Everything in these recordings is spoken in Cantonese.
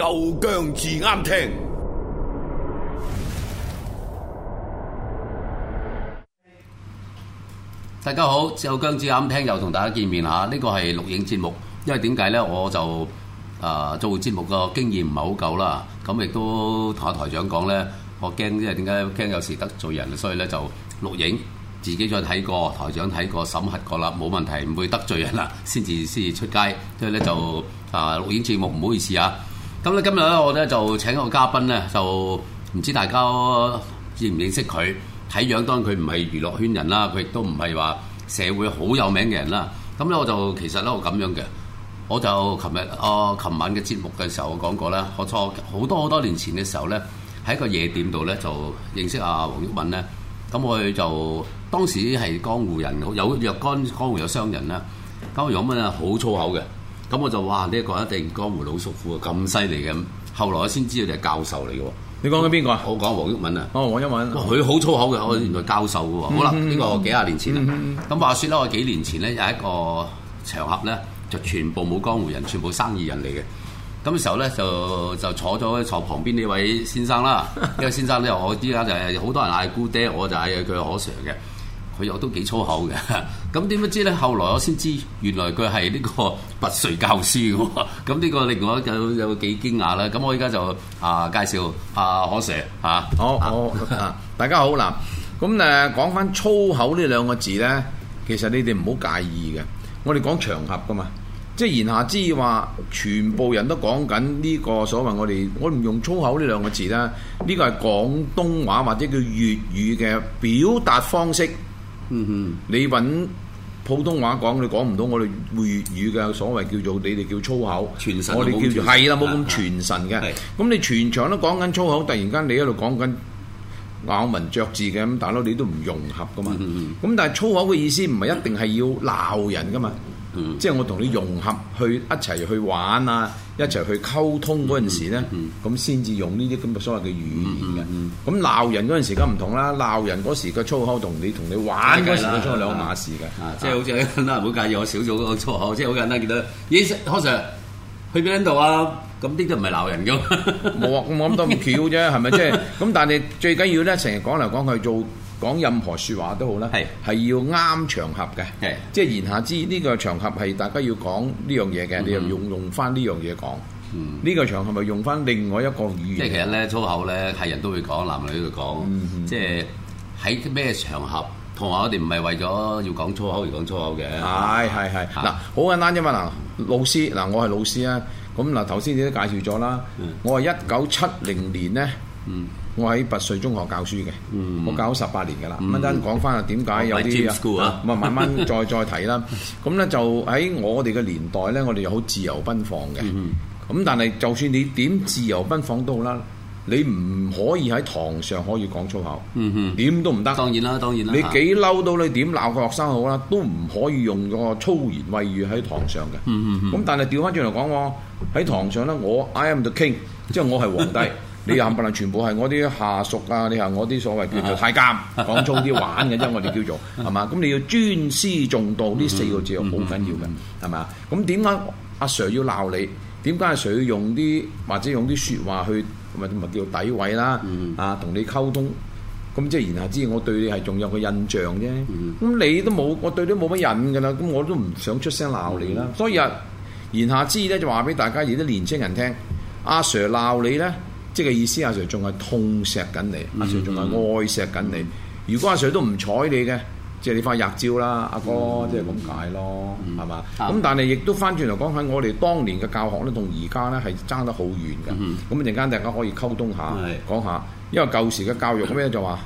夠姜至啱聽，大家好，夠姜至啱聽又同大家見面吓。呢個係錄影節目，因為點解呢？我就啊、呃、做節目個經驗唔係好夠啦，咁亦都同阿台長講呢，我驚即係點解？驚有時得罪人，所以呢就錄影自己再睇過，台長睇過審核過啦，冇問題唔會得罪人啦，先至先至出街。所以呢就啊錄、呃、影節目唔好意思啊。咁咧今日咧，我咧就請一個嘉賓咧，就唔知大家認唔認識佢？睇樣當然佢唔係娛樂圈人啦，佢亦都唔係話社會好有名嘅人啦。咁咧我就其實咧我咁樣嘅，我就琴日啊，琴、哦、琴晚嘅節目嘅時候我講過啦，我初好多好多年前嘅時候咧，喺一個夜店度咧就認識阿黃毓民咧。咁我就當時係江湖人，有若干江湖有商人啦。咁黃毓民啊，好粗口嘅。咁我就話呢、這個一定江湖老叔父啊咁犀利嘅，後來我先知道你係教授嚟嘅。你講緊邊個啊？我講黃毓民啊。哦，黃毓民。佢好粗口嘅，我原來教授嘅。嗯、哼好啦，呢、這個幾廿年前啦。咁、嗯、哼話説啦，我幾年前咧有一個場合咧，就全部冇江湖人，全部生意人嚟嘅。咁嘅時候咧就就坐咗喺坐旁邊呢位先生啦，呢位 先生咧我而家就係、是、好多人嗌菇爹，我就嗌佢何 Sir 嘅，佢又都幾粗口嘅。咁點不知呢？後來我先知，原來佢係呢個拔萃教書喎。咁 呢個令我有有幾驚訝啦。咁我而家就啊介紹阿、啊、可蛇嚇、啊。好，好、 啊、大家好喇。咁誒講翻粗口呢兩個字呢，其實你哋唔好介意嘅。我哋講場合嘅嘛，即係言下之意話，全部人都講緊呢個所謂我哋，我唔用粗口呢兩個字啦。呢、呢個係廣東話或者叫粵語嘅表達方式。嗯哼，你揾。普通話講你講唔到，我哋會粵語嘅所謂叫做你哋叫粗口，傳神我哋叫做係啦，冇咁傳神嘅。咁你全場都講緊粗口，突然間你喺度講緊咬文嚼字嘅，咁大佬你都唔融合噶嘛？咁、嗯嗯、但係粗口嘅意思唔係一定係要鬧人噶嘛？即係我同你融合去一齊去玩啊，一齊去溝通嗰陣時咧，咁先至用呢啲咁嘅所謂嘅語言嘅。咁鬧人嗰陣時梗唔同啦，鬧人嗰時嘅粗口同你同你玩嗰時粗口兩碼事嘅。即係好似嗱，唔好介意我少咗嗰個粗口，即係好簡單見到，Yes Sir 去邊度啊？咁啲都唔係鬧人㗎，冇啊，冇咁多咁巧啫，係咪？即係咁，但係最緊要咧，成日講嚟講去做。講任何説話都好啦，係係要啱場合嘅，是是 即係言下之意，呢個場合係大家要講呢樣嘢嘅，你又用用翻呢樣嘢講，呢個場合咪用翻另外一個語言。即係其實咧粗口咧係人都會講，男女都會講，即係喺咩場合？同埋我哋唔係為咗要講粗口而講粗口嘅。係係係，嗱好簡單啫嘛嗱，老師嗱我係老師啊，咁嗱頭先你都介紹咗啦，我係一九七零年咧。我喺拔萃中學教書嘅，我教咗十八年噶啦。一陣講返啊，點解有啲啊？唔，慢慢再再睇啦。咁咧就喺我哋嘅年代咧，我哋又好自由奔放嘅。咁但係就算你點自由奔放都好啦，你唔可以喺堂上可以講粗口，點都唔得。當然啦，當然啦。你幾嬲到你點鬧個學生好啦，都唔可以用個粗言穢語喺堂上嘅。咁但係調翻轉嚟講喎，喺堂上咧，我 I am the king，即係我係皇帝。你冚唪唥全部係我啲下屬啊！你係我啲所謂叫做太監，講粗啲玩嘅啫，我哋叫做係嘛？咁你要尊師重道呢四個字好緊要嘅係嘛？咁點解阿 Sir 要鬧你？點解阿 Sir 要用啲或者用啲説話去咪咪叫做詆毀啦？啊，同你溝通咁，即係言下之意，我對你係仲有個印象啫。咁你都冇，我對你冇乜印㗎啦，咁我都唔想出聲鬧你啦。所以啊，言下之意咧就話俾大家而啲年青人聽，阿 Sir 鬧你咧。即係意思，阿 Sir 仲係痛錫緊你，阿 Sir 仲係愛錫緊你。如果阿 Sir 都唔睬你嘅，即係你發日照啦，阿哥，即係咁解咯，係嘛？咁但係亦都翻轉嚟講，喺我哋當年嘅教學咧，同而家咧係爭得好遠嘅。咁陣間大家可以溝通下，講下，因為舊時嘅教育咁樣就話，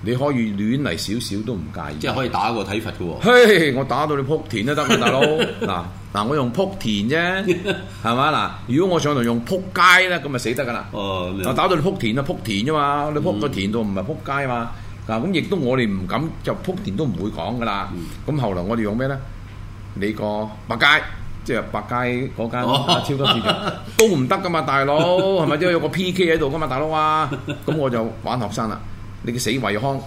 你可以亂嚟少少都唔介意，即係可以打個體罰嘅喎。嘿，我打到你撲田都得㗎啦，大佬，嗱。嗱，我用撲田啫，係嘛嗱？如果我上台用撲街咧，咁咪死得噶啦！就、哦、打到你撲田啊，撲田啫嘛，你撲到田度唔係撲街啊嘛！嗱，咁亦都我哋唔敢就撲田都唔會講噶啦。咁、嗯、後來我哋用咩咧？你個百佳，即係百佳嗰間、哦、超多市場都唔得噶嘛，大佬係咪？因為 有個 P K 喺度噶嘛，大佬啊！咁我就玩學生啦，你嘅死維康！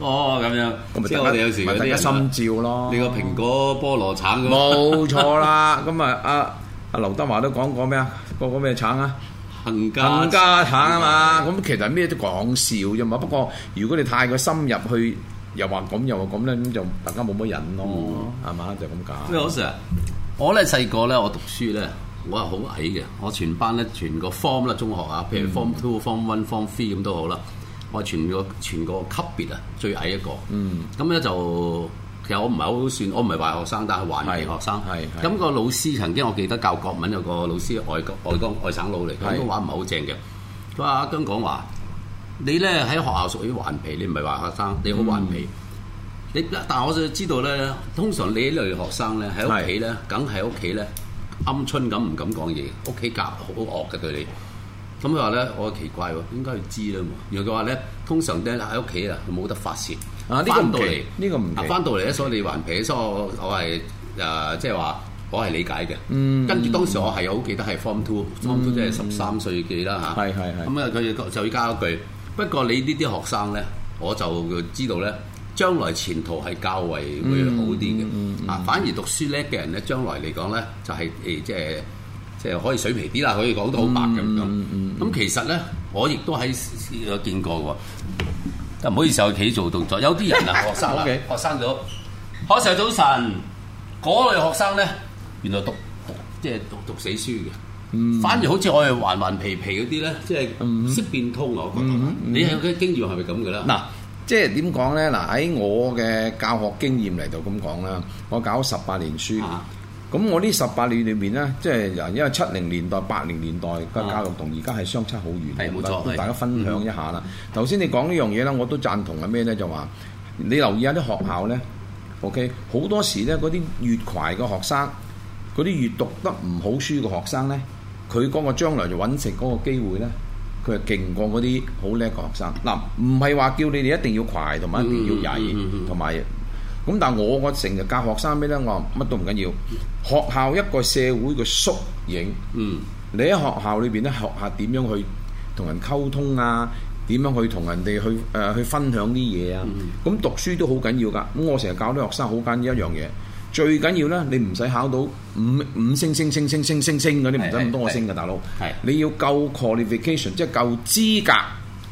哦，咁樣即係我哋有時睇啲一心照咯。你個蘋果、菠蘿、橙咁，冇錯啦。咁啊，阿阿劉德華都講過咩啊？講過咩橙啊？彭家橙啊嘛。咁其實咩都講笑啫嘛。不過如果你太過深入去，又話咁又話咁咧，咁就大家冇乜癮咯，係嘛？就咁解。咁有時我咧細個咧，我讀書咧，我係好矮嘅。我全班咧，全個 form 啦，中學啊，譬如 form two、form one、form three 咁都好啦。我全個全個級別啊，最矮一個。嗯。咁咧就其實我唔係好算，我唔係壞學生，但係頑皮學生。係。咁個老師曾經我記得教國文有個老師外國外江外，外省佬嚟，佢嘅話唔係好正嘅。佢話阿姜講話，你咧喺學校屬於頑皮，你唔係壞學生，你好頑皮。嗯、你但係我就知道咧，通常你呢類學生咧喺屋企咧，梗係屋企咧鵪鶉咁唔敢講嘢，屋企教好惡嘅對你。咁佢話咧，我奇怪喎，應該要知啦嘛。然後佢話咧，通常都喺屋企啊，冇得發泄。啊，呢個唔，到嚟，呢個唔。啊，翻到嚟咧，所以你還皮。所以我、嗯呃就是、我係即係話，我係理解嘅。嗯、跟住當時我係好記得係 form two，form two 即係十三歲幾啦吓，係係係。咁、嗯、啊，佢、嗯、就要加一句，不過你呢啲學生咧，我就知道咧，將來前途係較為會好啲嘅。啊、嗯，嗯嗯嗯嗯、反而讀書叻嘅人咧，將來嚟講咧，就係誒即係。呃嗯呃嗯嗯即係可以水皮啲啦，可以講到好白咁樣。咁其實咧，我亦都喺見過喎。但唔好意思，我企做動作。有啲人呀學生啦，學生組。好嘅，早晨。嗰類學生咧，原來讀即係讀讀死書嘅。嗯。反而好似我係橫橫皮皮嗰啲咧，即係唔識變通啊！我覺得。你嘅經驗係咪咁嘅咧？嗱，即係點講咧？嗱，喺我嘅教學經驗嚟到咁講啦。我搞十八年書。咁我呢十八年裏面呢，即係因為七零年代、八零年代嘅教育同而家係相差好遠。係、哦，冇錯。錯，大家分享一下啦。頭先、嗯、哼你講呢樣嘢呢，我都贊同嘅係咩呢？就話你留意下啲學校呢，OK，好多時呢嗰啲越快嘅學生，嗰啲越讀得唔好書嘅學生呢，佢嗰個將來就揾食嗰個機會呢，佢係勁過嗰啲好叻嘅學生。嗱，唔係話叫你哋一定要快同埋一定要曳，同埋。咁但係我我成日教學生咩咧？我乜都唔緊要，學校一個社會嘅縮影。嗯，你喺學校裏邊咧，學下點樣去同人溝通啊？點樣去同人哋去誒、呃、去分享啲嘢啊？咁、嗯、讀書都好緊要㗎。咁我成日教啲學生好緊要一樣嘢，最緊要咧，你唔使考到五五星星星星星星星嗰啲，唔使咁多個星㗎，大佬。係，係，你要夠 qualification，即係夠資格。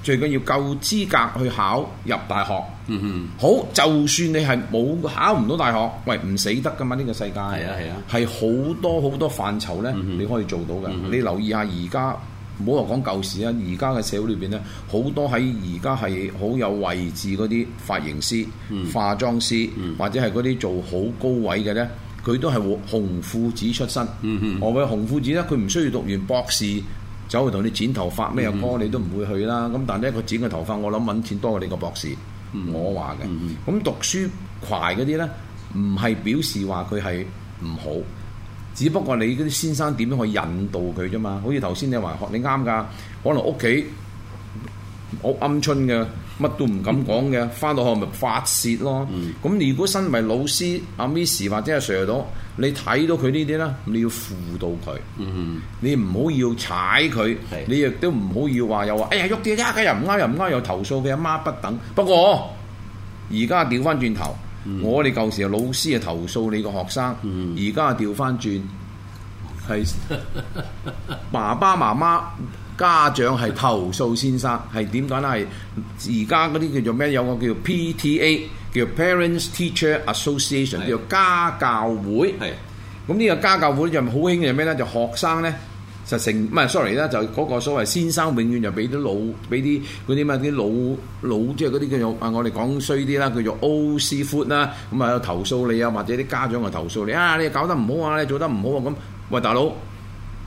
最緊要夠資格去考入大學。嗯哼，好，就算你係冇考唔到大學，喂，唔死得噶嘛呢個世界。係啊係啊，係好多好多範疇呢，嗯哼，你可以做到嘅。嗯哼，你留意下而家，唔好話講舊時啊，而家嘅社會裏邊呢，好多喺而家係好有位置嗰啲髮型師、嗯哼，化妝師，嗯哼，或者係嗰啲做好高位嘅呢，佢都係紅褲子出身。嗯哼，何謂紅褲子呢？佢唔需要讀完博士。走去同你剪頭髮咩？阿哥，你都唔會去啦。咁、嗯、但係呢個剪個頭髮，我諗揾錢多過你個博士，嗯、我話嘅。咁、嗯嗯、讀書壞嗰啲呢，唔係表示話佢係唔好，只不過你嗰啲先生點樣去引導佢啫嘛。好似頭先你話學你啱㗎，可能屋企好鵪鶉嘅，乜都唔敢講嘅，翻到學咪發泄咯。咁、嗯嗯、如果身為老師，阿、啊、Miss 或者阿 Sir 到。你睇到佢呢啲啦，你要輔導佢，嗯、哼你唔好要踩佢，的你亦都唔好要話又話，哎呀喐啲啊，佢又唔啱又唔啱又投訴佢阿媽不等。不過而家調翻轉頭，嗯、我哋舊時啊老師啊投訴你個學生，而家調翻轉係爸爸媽媽家長係投訴先生，係點解？咧？係而家嗰啲叫做咩？有個叫 PTA。叫 Parents Teacher Association，叫做家教會。咁呢個家教會就好興嘅係咩咧？就學生咧實成唔係，sorry 啦，就嗰個所謂先生永遠就俾啲老俾啲嗰啲乜啲老老即係嗰啲叫做啊，我哋講衰啲啦，叫做 old seafood 啦。咁啊，投訴你啊，或者啲家長啊投訴你啊，你搞得唔好啊，你做得唔好啊咁。喂，大佬，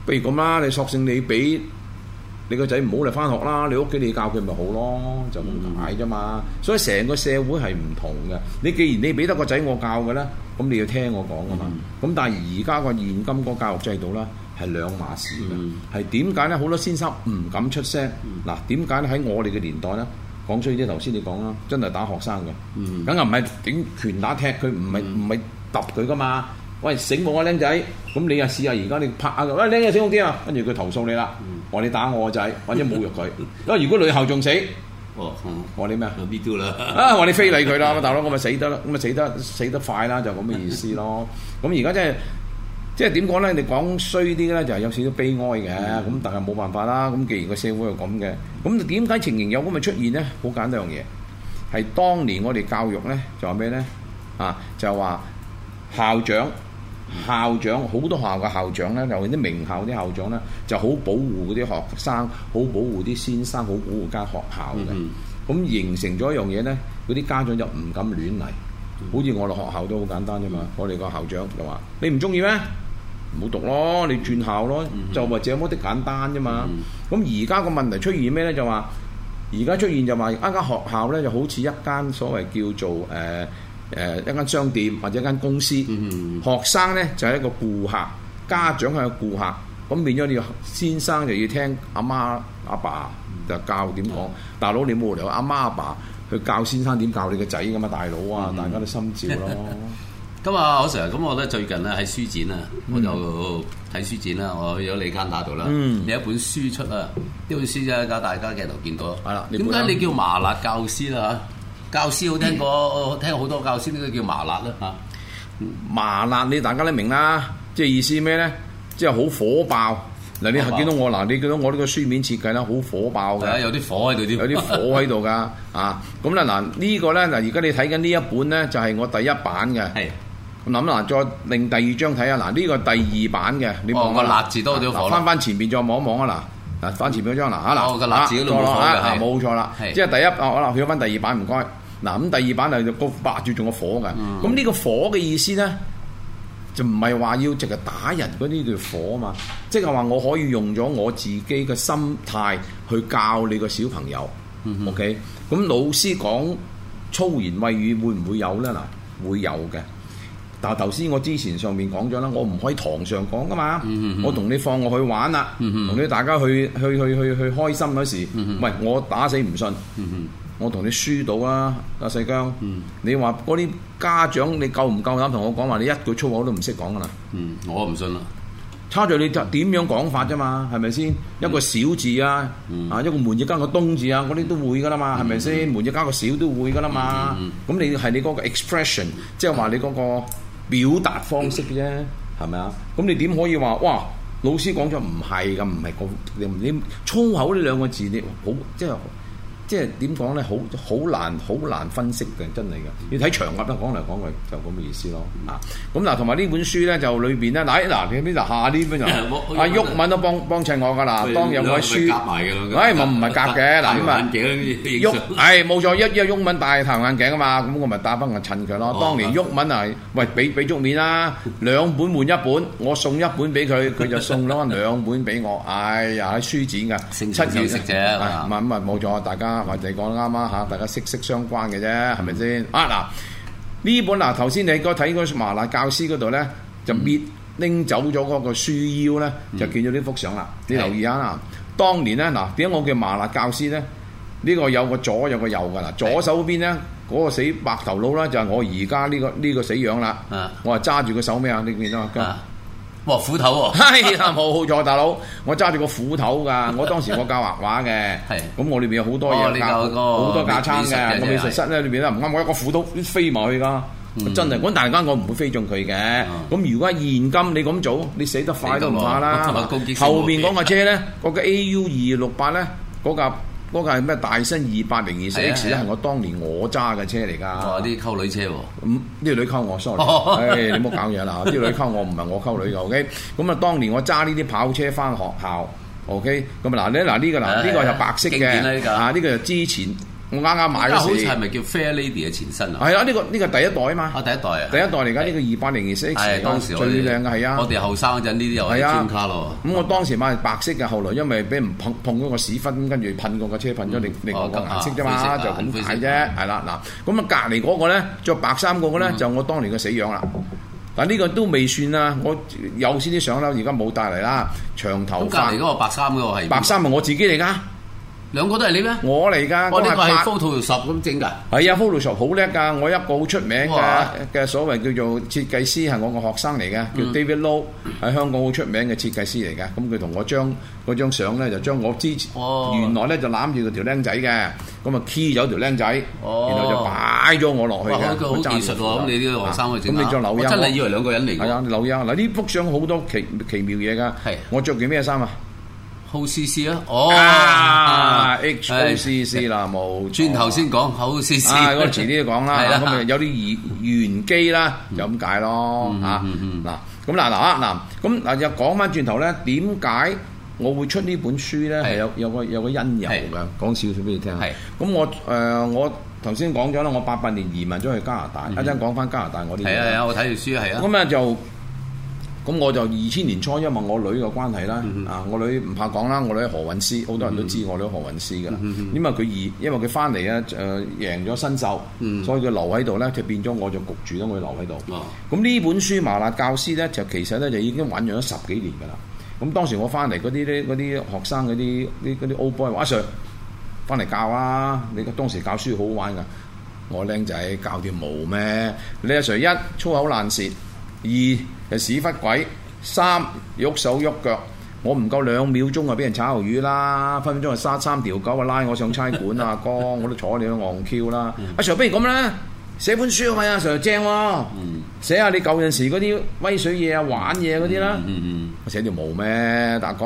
不如咁啦，你索性你俾。你個仔唔好嚟返學啦，你屋企你教佢咪好咯，就咁解啫嘛。所以成個社會係唔同嘅。你既然你俾得個仔我教嘅咧，咁你要聽我講啊嘛。咁但係而家個現今個教育制度咧係兩碼事嘅，係點解咧？好多先生唔敢出聲。嗱，點解咧？喺我哋嘅年代咧，講出去啲頭先你講啦，真係打學生嘅。嗯，咁又唔係點拳打踢佢，唔係唔係揼佢噶嘛？喂，醒目啊，僆仔，咁你又試下而家你拍下佢，喂、哎，僆仔醒目啲啊，跟住佢投訴你啦，話、嗯、你打我個仔，或者侮辱佢，因為 如果女校仲死，哦，話、嗯、你咩啊？啊，話你非禮佢啦，大佬我咪死得啦，咁咪死得死得快啦，就咁嘅意思咯。咁而家即係即係點講咧？你講衰啲咧，就係有少少悲哀嘅。咁但係冇辦法啦。咁既然個社會係咁嘅，咁點解情形有咁嘅出現咧？好簡單一樣嘢，係當年我哋教育咧，就話咩咧？啊，就話校長。校長，好多學校嘅校長呢，尤其啲名校啲校長呢，就好保護嗰啲學生，好保護啲先生，好保護間學校嘅。咁、mm hmm. 形成咗一樣嘢呢，嗰啲家長就唔敢亂嚟。好似我哋學校都好簡單啫嘛，mm hmm. 我哋個校長就話：你唔中意咩？唔好讀咯，你轉校咯，mm hmm. 就話這麼啲簡單啫嘛。咁而家個問題出現咩呢？就話而家出現就話一間學校呢，就好似一間所謂叫做誒、呃誒、呃、一間商店或者一間公司，嗯、學生咧就係、是、一個顧客，家長係個顧客，咁變咗你先生就要聽阿媽阿爸就教點講，嗯、大佬你冇理由阿媽阿爸去教先生點教你個仔㗎嘛，大佬啊，嗯、大家都心照咯。咁啊 ，Sir，咁我覺得最近咧喺書展啊，我就睇書展啦，我去咗李坑打到啦，嗯、有一本書出啊，呢本書嘅架大家鏡頭見到，點解、嗯、你叫麻辣教師啦嚇？教師好聽過，聽過好多教師呢個叫麻辣啦嚇！啊、麻辣你大家都明啦，即係意思咩咧？即係好火爆。嗱爆，你係見到我嗱，你見到我呢個書面設計咧，好火爆嘅。有啲火喺度有啲火喺度噶啊！咁咧嗱，呢個咧嗱，而家你睇緊呢一本咧，就係、是、我第一版嘅。係是。咁諗啦，再另第二張睇下嗱，呢、這個第二版嘅，你望下、啊。個辣、哦、字多咗火。翻翻前面再望一望啊嗱，嗱、啊、翻前面張嗱啊嗱啊，啊錯啦，冇錯啦。是即係第一，我我攞佢翻第二版唔該。嗱咁第二版係個白住仲有火嘅，咁呢、嗯、個火嘅意思呢，就唔係話要淨係打人嗰啲叫火啊嘛，即係話我可以用咗我自己嘅心態去教你個小朋友、嗯、哼，OK？咁老師講粗言穢語會唔會有呢？嗱，會有嘅。但係頭先我之前上面講咗啦，我唔可以堂上講噶嘛，嗯、哼我同你放我去玩啦，同、嗯、哼你大家去去去去去開心嗰時，唔係、嗯、哼我打死唔信。嗯我同你輸到啊，阿細姜，你話嗰啲家長你夠唔夠膽同我講話？你一句粗口都唔識講噶啦！嗯，我唔信啦。差住你就點樣講法啫嘛？係咪先一個小字啊？啊，一個門要加個東字啊，嗰啲都會噶啦嘛？係咪先門要加個小都會噶啦嘛？咁你係你嗰個 expression，即係話你嗰個表達方式啫，係咪啊？咁你點可以話哇？老師講咗唔係㗎，唔係個你粗口呢兩個字，你好即係。即係點講咧？好好難好難分析嘅，真係嘅。要睇場合，都講嚟講去就咁、是、嘅意思咯。咁、啊、嗱，同埋呢本書咧，就裏邊咧，嗱、哎，嗱，邊度下啲邊度？阿毓民都幫幫襯我㗎啦，她當日有位書誒唔唔係夾嘅，嗱咁、哎、啊冇、哎、錯，一一個毓民戴太陽眼鏡啊嘛，咁我咪打翻嚟襯佢咯。當年毓民啊，喂俾俾足面啦、啊，兩本換一本，我送一本俾佢，佢就送咗兩本俾我。哎呀，喺書展㗎，七友食者，咁啊冇錯，大家。就係講得啱啊！嚇，大家息息相關嘅啫，係咪先？嗯、啊嗱，呢本嗱頭先你個睇嗰麻辣教師嗰度咧，嗯、就搣拎走咗嗰個書腰咧，嗯、就見咗呢幅相啦。你留意下啦，嗯、當年咧嗱，點、啊、解我叫麻辣教師咧？呢、呢個有個左有個右噶啦，左手邊咧嗰、嗯、個死白頭佬啦、呢個，就係我而家呢個呢個死樣啦。嗯、我係揸住個手咩啊？你見到啊？嗯嗯哦、斧頭喎、哦，係啊、 哎，冇好錯，大佬，我揸住個斧頭噶，我當時我教畫畫嘅，係 的，咁我裏邊有好多嘢教，好、哦、多架撐嘅，美我美術室咧裏邊咧唔啱，我一個斧刀飛埋去噶，嗯、真係，咁大家我唔會飛中佢嘅，咁、嗯、如果現今你咁做，你死得快都唔怕啦，後邊嗰架車咧，嗰、嗰個 AU 二六八咧，嗰架。嗰架係咩？大新二百零二四 X 啊，係、啊、我當年我揸嘅車嚟噶。哇！啲溝女車喎、啊。咁呢個女溝我，sorry。哦、哎，你唔好搞嘢啦！呢個 女溝我，唔係我溝女嘅。OK。咁啊，當年我揸呢啲跑車翻學校。OK。咁、這個、啊嗱，呢嗱呢個嗱呢、啊、個就白色嘅。經典呢、啊這個。啊，呢、這個就之前。我啱啱買嘅，好似係咪叫 Fair Lady 嘅前身啊？係啊，呢個呢個第一代啊嘛！第一代啊！第一代嚟㗎呢個二百零二，當時最靚嘅係啊！我哋後生嗰陣呢啲又專卡咯。咁我當時買係白色嘅，後來因為俾人碰碰咗個屎忽，跟住噴過個車噴咗另另外個顏色啫嘛，就咁解啫。係啦，嗱，咁啊隔離嗰個咧着白衫嗰個咧就我當年嘅死樣啦。但呢個都未算啊，我有先啲相啦，而家冇帶嚟啦。長頭髮，隔離嗰個白衫嗰個係白衫係我自己嚟噶。兩個都係你咩？我嚟㗎，我係 Photoshop 咁整㗎。係啊，Photoshop 好叻㗎。我一個好出名嘅嘅所謂叫做設計師係我個學生嚟㗎，叫 David Low，喺香港好出名嘅設計師嚟㗎。咁佢同我將嗰張相咧就將我之前原來咧就攬住條僆仔嘅，咁啊 key 咗條僆仔，然後就擺咗我落去㗎。好技術喎！咁你呢啲學生去整？咁你張紐音？真係以為兩個人嚟㗎。係啊，紐音嗱呢幅相好多奇奇妙嘢㗎。係，我着住咩衫啊？HOCC 啊，哦，HOCC 啦，冇，轉頭先講 HOCC，我遲啲講啦，咁咪有啲玄玄機啦，就咁解咯，嚇，嗱，咁嗱嗱啊嗱，咁嗱又講翻轉頭咧，點解我會出呢本書咧？係有有個有個因由㗎，講少少俾你聽。係，咁我誒我頭先講咗啦，我八八年移民咗去加拿大，一陣講翻加拿大我啲嘢。啊係啊，我睇住書係啊。咁啊就。咁我就二千年初，因為我女嘅關係啦，啊、嗯、哼我女唔怕講啦，我女何韻詩，好多人都知我女何韻詩噶啦。咁啊佢二，因為佢翻嚟咧誒贏咗新秀，嗯、哼所以佢留喺度咧，就變咗我就焗住咯，我留喺度。咁呢本書麻辣教師咧，就其實咧就已經醞釀咗十幾年噶啦。咁當時我翻嚟嗰啲咧嗰啲學生嗰啲啲嗰啲 old boy 話阿 Sir，翻嚟教啊，你當時教書好好玩噶，我靚仔教條毛咩？你阿、啊、Sir 一粗口爛舌。二係屎忽鬼，三喐手喐腳，我唔夠兩秒鐘啊，俾人炒魷魚啦！分分鐘啊，殺三條狗啊，拉我上差館啊，哥，我都坐你去昂 Q 啦！阿 Sir 不如咁啦，寫本書啊，阿 Sir 正，寫下你舊陣時嗰啲威水嘢啊、玩嘢嗰啲啦。我寫條毛咩，大哥？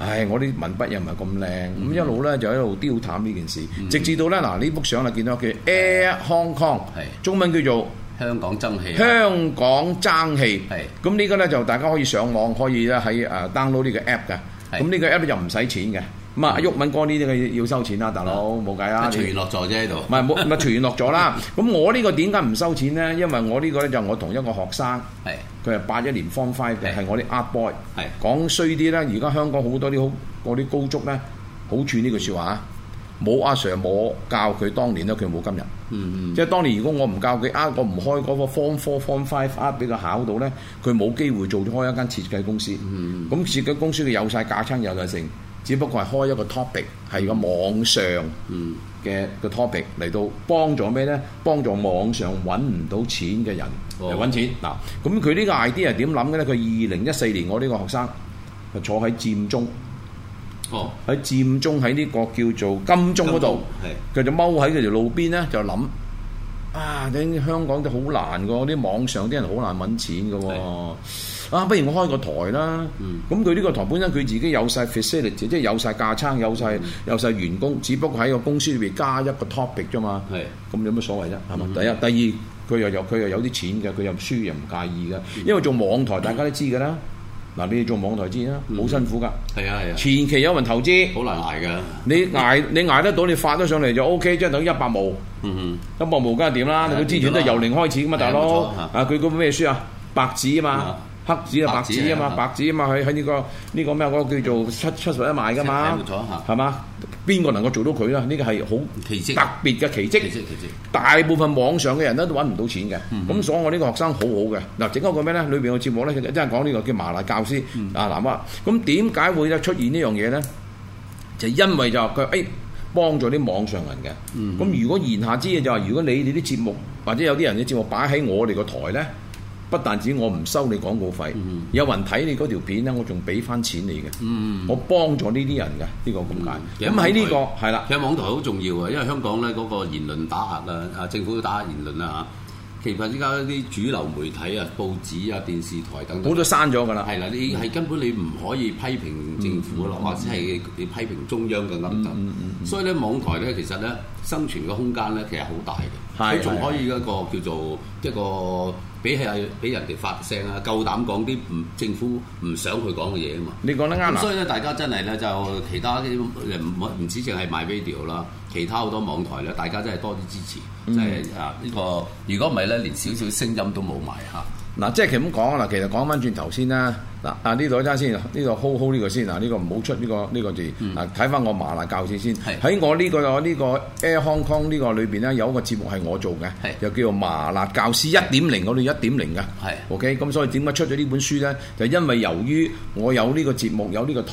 唉，我啲文筆又唔係咁靚，咁一路咧就喺度丟淡呢件事，直至到咧嗱呢幅相就見到佢 Air Hong Kong，中文叫做。香港爭氣，香港爭氣，係咁呢個咧就大家可以上網可以咧喺誒 download 呢個 app 㗎，咁呢個 app 就唔使錢嘅，咁啊阿毓民哥呢啲佢要收錢啦，大佬冇計啦，隨緣樂助啫喺度，唔係冇唔係隨緣樂助啦，咁我呢個點解唔收錢咧？因為我呢個咧就我同一個學生，係佢係八一年方塊嘅，係我啲阿 boy，係講衰啲咧，而家香港好多啲好嗰啲高足咧，好串呢句說話。冇阿 Sir 冇教佢，當年咧佢冇今日。嗯嗯。即係當年如果我唔教佢，啊我唔開嗰個 form four form five 啊，俾佢考到咧，佢冇機會做開一間、嗯嗯嗯、設計公司。嗯咁設計公司佢有晒架撐有曬剩，只不過係開一個 topic 係個網上嘅個 topic 嚟、嗯、到幫助咩咧？幫助網上揾唔到錢嘅人嚟揾、哦、錢嗱。咁佢呢個 idea 係點諗嘅咧？佢二零一四年我呢個學生係坐喺佔中。喺佔中喺呢個叫做金鐘嗰度，佢就踎喺佢條路邊咧，就諗啊！啲香港都好難嘅，啲網上啲人好難揾錢嘅啊，不如我開個台啦。咁佢呢個台本身佢自己有晒 facilities 即係有晒架撐，有晒有曬員工，只不過喺個公司裏邊加一個 topic 啫嘛。係咁有乜所謂啫？係嘛。第一、第二，佢又有佢又有啲錢嘅，佢又輸又唔介意嘅，因為做網台大家都知㗎啦。嗱，你做網台知啦，好辛苦噶。係啊係啊。前期有人投資，好難捱噶。你捱你捱得到，你發得上嚟就 OK，即係等於一百毛。嗯嗯。一百毛梗係點啦？你啲資源都係由零開始噶嘛，大佬。啊，佢嗰本咩書啊？白紙啊嘛，黑紙啊白紙啊嘛，白紙啊嘛，佢喺呢個呢個咩嗰個叫做七七十一買噶嘛，係嘛？邊個能夠做到佢咧？呢個係好特別嘅奇蹟。大部分網上嘅人咧都揾唔到錢嘅。咁、嗯、哼所以我呢個學生好好嘅。嗱，整個個咩咧？裏邊個節目咧，其實真係講呢個叫麻辣教師、嗯、啊南哥。咁點解會咧出現呢樣嘢咧？就係、因為就佢誒、哎、幫助啲網上人嘅。咁、嗯、哼如果言下之意就話，如果你你啲節目或者有啲人嘅節目擺喺我哋個台咧？不但止我唔收你廣告費，有人睇你嗰條片咧，我仲俾翻錢你嘅。我幫助呢啲人嘅，呢個咁解。咁喺呢個係啦，喺網台好重要啊，因為香港咧嗰個言論打壓啊，啊政府都打壓言論啊嚇。其實依家啲主流媒體啊，報紙啊、電視台等等，我都刪咗㗎啦。係啦，你係根本你唔可以批評政府咯，或者係你批評中央嘅。所以咧，網台咧其實咧生存嘅空間咧其實好大嘅，你仲可以一個叫做一個。俾係俾人哋發聲啊！夠膽講啲唔政府唔想佢講嘅嘢啊嘛！你講得啱，所以咧，大家真係咧就其他啲唔唔止淨係 my radio 啦，其他好多網台咧，大家真係多啲支持，即係啊呢個。如果唔係咧，嗯呢嗯、連少少聲音都冇埋嚇。嗱，即係咁講啦，其實講翻轉頭先啦，嗱，啊呢度一陣先，呢度 hold hold 呢個先，嗱、呢個、呢個唔好出呢、呢個呢、呢個字，嗱睇翻我麻辣教師先，喺是的 我呢、呢個呢、呢個 Air Hong Kong 呢個裏邊咧，有一個節目係我做嘅，是的 就叫做麻辣教師一點零，我哋一點零嘅，OK，咁所以點解出咗呢本書咧？就因為由於我有呢個節目有呢個台。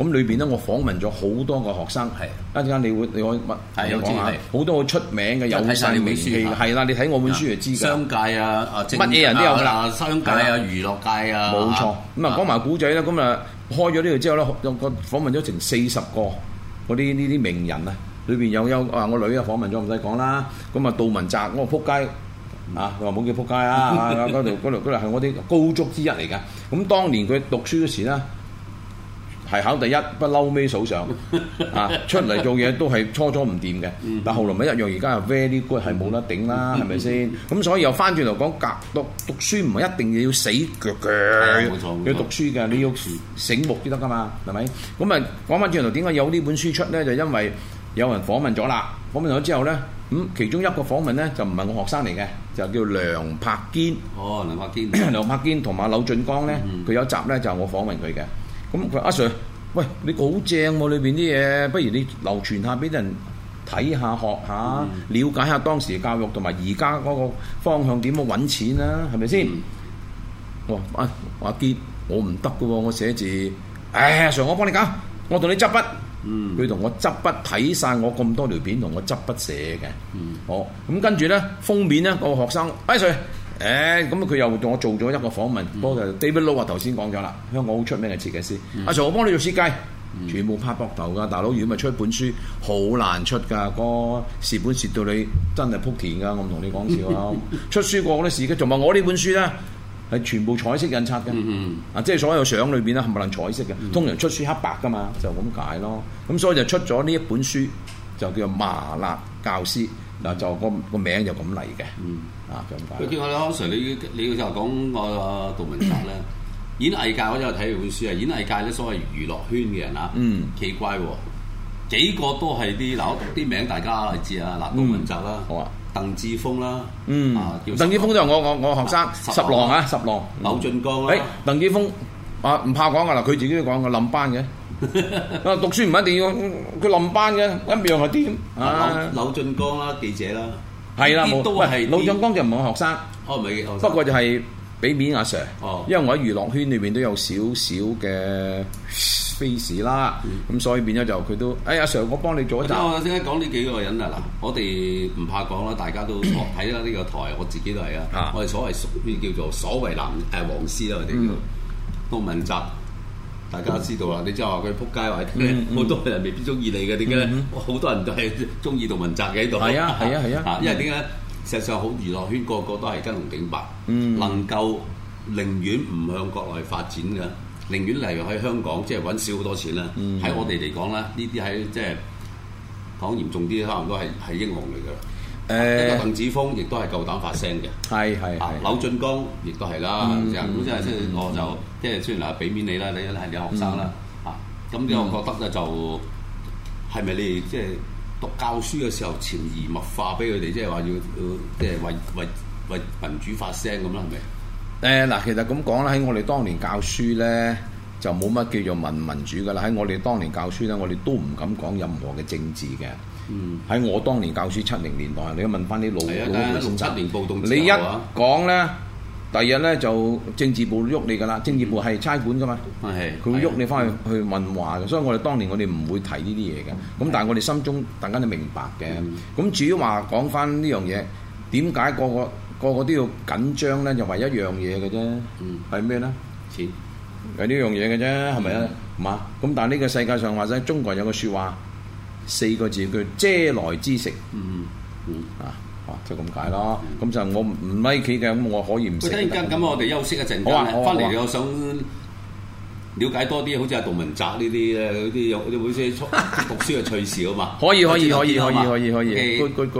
咁裏邊咧，面我訪問咗好多個學生。係的一陣間，你會你可乜講下好的多好出名嘅有晒名氣？係啦，你睇我本書就知嘅。商界啊，乜嘢人都有啦。商界啊，的娛樂界啊，冇錯。咁啊，講埋古仔啦。咁啊，開咗呢度之後咧，有個訪問咗成四十個嗰啲呢啲名人啊，裏邊有有啊，我女啊訪問咗，唔使講啦。咁、那個、啊，杜汶澤， 個我仆街啊，佢話冇叫仆街啊，嗰度嗰度嗰度係我啲高足之一嚟嘅。咁、啊那個、當年佢讀書嗰時啦。係考第一，不嬲尾數上啊！出嚟做嘢都係初初唔掂嘅，但後嚟咪一樣。而家係 very good 係冇得頂啦，係咪先？咁所以又翻轉頭講，讀讀書唔係一定要死腳腳，要讀書嘅，你要醒目先得噶嘛，係咪？咁啊，講翻轉頭點解有呢本書出咧？就因為有人訪問咗啦，訪問咗之後咧，咁其中一個訪問咧就唔係我學生嚟嘅，就叫梁柏堅。哦，梁柏堅。梁柏堅同埋柳俊江咧，佢有集咧就係我訪問佢嘅。咁佢阿 Sir，喂，你好正喎、啊，裏邊啲嘢，不如你流傳下俾啲人睇下、看看學下、嗯、了解下當時教育同埋而家嗰個方向點樣揾錢啦、啊，係咪先？我阿阿堅，我唔得嘅，我寫字。阿、哎、Sir，我幫你搞，我同你執筆。嗯，佢同我執筆睇晒我咁多條片，同我執筆寫嘅、嗯。嗯，好。咁跟住咧封面咧，嗰個學生，阿、哎、Sir。誒咁佢又同我做咗一個訪問，哥、嗯、就 David Law 啊，頭先講咗啦，香港好出名嘅設計師，阿、嗯、Sir、啊、我幫你做設計，嗯、全部拍膊頭噶，大佬如果咪出一本書，好難出噶，哥、那、蝕、個、本蝕到你真係撲田噶，我唔同你講笑啊！嗯、出書過好多事嘅，同埋我呢本書咧係全部彩色印刷嘅，嗯嗯啊即係所有相裏邊咧冚唪唥彩色嘅，通常出書黑白噶嘛，就咁、是、解咯。咁所以就出咗呢一本書，就叫做麻辣教師。嗱，就個個名就咁嚟嘅，啊咁解。佢叫我啦，阿 Sir，你你就講我杜汶澤咧，演藝界我真係睇完本書啊，演藝界咧所謂娛樂圈嘅人啊，奇怪喎，幾個都係啲嗱啲名大家知啊，嗱，杜汶澤啦，好啊，鄧志峰啦，嗯，鄧志峰就我我我學生十郎啊，十郎，柳俊江咧，誒鄧志峰。啊，唔怕講噶嗱，佢自己都講噶，冧班嘅。啊，讀書唔一定要，佢冧班嘅一樣係點？啊，柳俊江啦，記者啦，係啦，冇喂，柳俊江就唔係學生，哦，唔係，不過就係俾面阿 Sir，因為我喺娛樂圈裏邊都有少少嘅 face 啦，咁所以變咗就佢都，哎，阿 Sir，我幫你做一集。咁我而家講呢幾個人啊，嗱，我哋唔怕講啦，大家都睇啦呢個台，我自己都係啊，我哋所謂屬於叫做所謂男誒黃絲啦，我哋叫。杜汶澤，大家知道啦。你即係話佢撲街或者點咧，好多人未必中意你嘅。點解？好、嗯、哼多人都係中意杜汶澤嘅喺度。係啊，係啊，係啊。啊因為點解？事實上，好娛樂圈個個都係跟紅頂白，嗯、能夠寧願唔向國內發展嘅，寧願例如喺香港，即係揾少好多錢啦。喺、嗯、哼我哋嚟講啦，呢啲喺即係講嚴重啲，可能都係係英雄嚟㗎。誒，個鄧子峰亦都係夠膽發聲嘅，係係啊，柳進江亦都係啦。嗯、即係即係，我就即係雖然嗱，俾面你啦，你係你學生啦、嗯、啊。咁你我覺得咧，就係咪你即係讀教書嘅時候潛移默化俾佢哋，即係話要要即係為為為民主發聲咁啦，係咪？誒嗱，其實咁講啦，喺我哋當年教書咧，就冇乜叫做民民主㗎喇。喺我哋當年教書咧，我哋都唔敢講任何嘅政治嘅。嗯，喺我當年教書七零年代，你都問翻啲老老六七暴動，你一講咧，第二日咧就政治部喐你噶啦，政治部係差館噶嘛，佢會喐你翻去去問話嘅，所以我哋當年我哋唔會提呢啲嘢嘅，咁但係我哋心中大家都明白嘅，咁至於話講翻呢樣嘢，點解個個個個都要緊張咧？就為一樣嘢嘅啫，係咩咧？錢係呢樣嘢嘅啫，係咪啊？唔啊，咁但係呢個世界上話曬，中國人有個説話。四個字叫嗟來之食，嗯嗯嗯啊，就咁解咯。咁就我唔 like 嘅，咁我可以唔食。佢突然間咁，我哋休息一陣間，翻嚟又想了解多啲，好似阿杜文澤呢啲咧，嗰啲有啲本書，讀書嘅趣事啊嘛。可以可以可以可以可以可以。